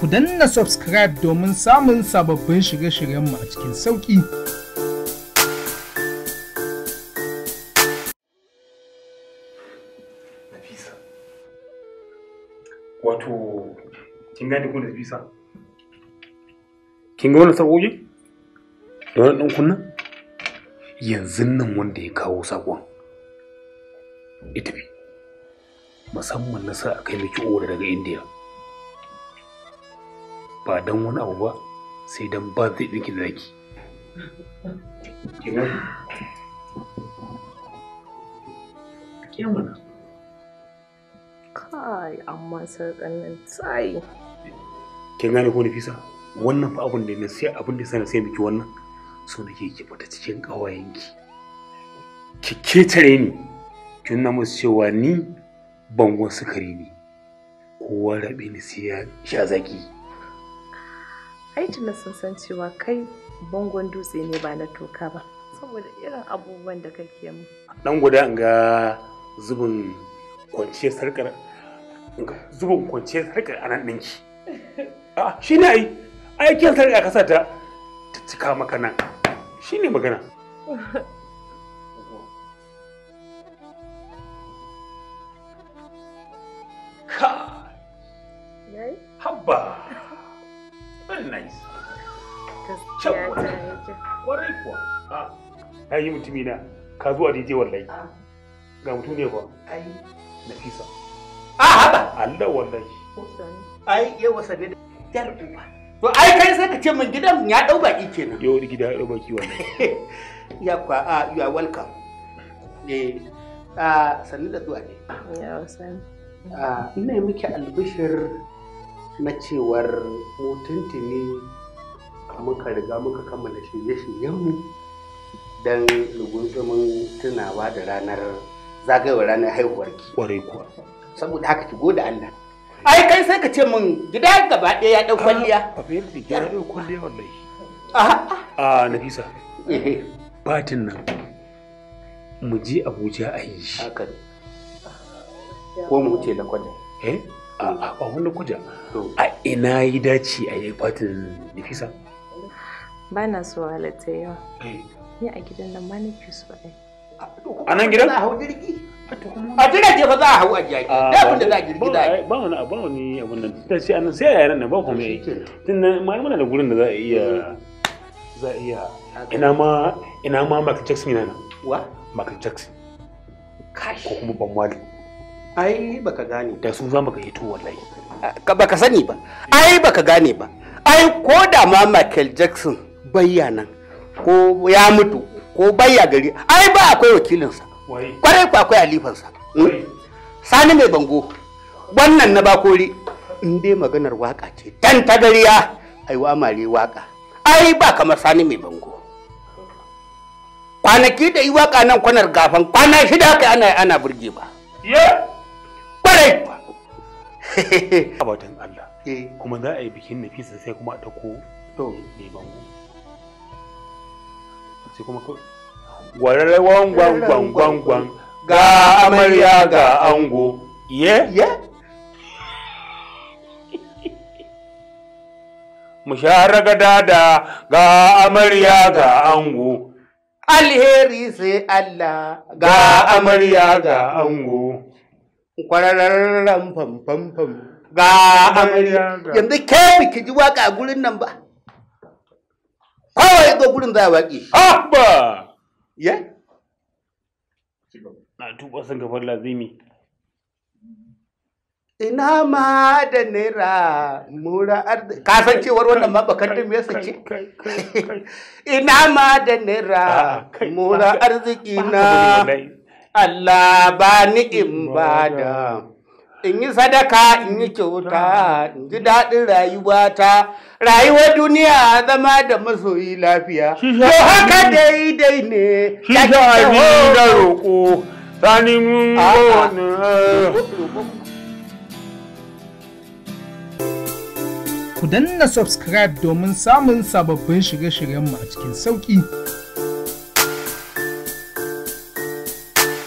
ku danna subscribe domin samun sababbin shirye-shiryenmu a cikin sauƙi. Wato, kin gani ku Nafisa? Kin ga wannan saƙoƙi? Da wani ɗan kunna? Yanzu nan wanda ya kawo sakon. Ita bi. Musamman nasa sa a kai miki ore daga Indiya. ba don wani abu ba sai don ba zai ɗinki da zaki kai amma tsayi kin gane ko nafisa wannan fa abin da ne sai abin da sai sai miki wannan so nake ki fita cikin ƙawayenki ki ketare ni kin na musu cewa ni bangon sukari ne kowa rabe ni sai ya sha zaki ai tunan sun san cewa kai bangon dutse ne ba na toka ba saboda irin abubuwan da kake mu dan guda in ga zubin kwanciyar sarkar zubin kwanciyar sarkar a nan ɗinki a ah, shi ne ai aikin sarkar a kasa ta cika maka nan shi ne magana very kwarai kuwa a ah. yi mutumi na ka zuwa daidai wallahi ah. ga mutum ne ba nafisa a ah, haka allah wallahi ai wasa ne da jalibin ba to ai kai sai ka ce min gidan ya dau baki kenan yau gida ya dau baki wallahi. ya kwa a you are welcome eh a sanni da zuwa ne ya wasa. Ah ina yi miki albishir na cewar mu tuntuni muka riga muka kammala shirye-shiryenmu don rugunzumin tunawa da ranar zagayowar ranar ki. Kwarai kuwa. Saboda haka ki gode Allah. Ai kai sai ka ce min gida gaba ɗaya ya ɗau kwalliya. fiye ah, da ya ɗau kwalliya wallahi. A ah. ah, Nafisa. Eh. Batin nan. Mu je Abuja a yi shi. Haka Ko mu wuce da kwalliya. Eh? a wani kuja a ina yi dace a yi fatin nifisa ba na so halatta yawa eh. ni a gidan nan ma nake so ai a nan gidan a hau jirgi a jira ce fa za a hau a jirgi da abin da za a jirgi za yi ba wani abu wani abun nan ta ce anan sai a yaran nan ba kuma yi tun nan ma muna da gurin da za a iya za a iya ina ma ina ma Michael Jackson yana nan wa Michael Jackson ko kuma Bob Marley ai baka gane da su za mu ga hito wallahi baka sani ba ai baka gane ba ai ko da ma Michael Jackson nan, ko ya mutu ko bayya gari ai ba akwai wakilinsa kwarai ko akwai alifansa hmm? sani mai bango wannan na bakori in dai maganar waka ce dan ta gariya ai wa mare waka ai ba kamar sani mai bango kwanaki da yi waka nan kwanar gafan kwana shida kai ana ana burge ba yeah kai Allah eh. kuma za a yi bikin nafisa sai kuma a to sai kuma kawai gwangwan gwangwan ga amarya ga ango ye ye mu sha ragadada ga amarya ga ango alheri sai Allah ga amarya ga ango kwararren famfamfam ga amarya yanzu ke biki ji waka a gurin nan ba kawai zo gurin za a waƙi abba ya na tuba lazimi ina ma da naira mura wannan mabakantun me yasa ce ina ma da naira ah, mura arziki na Allah ba in ba da in yi sadaka in yi kyauta in ji daɗin rayuwa ta rayuwar duniya zama da masoyi lafiya to haka dai dai ne da roƙo sani mun ku danna subscribe domin samun sababbin shirye shiryen mu a cikin sauƙi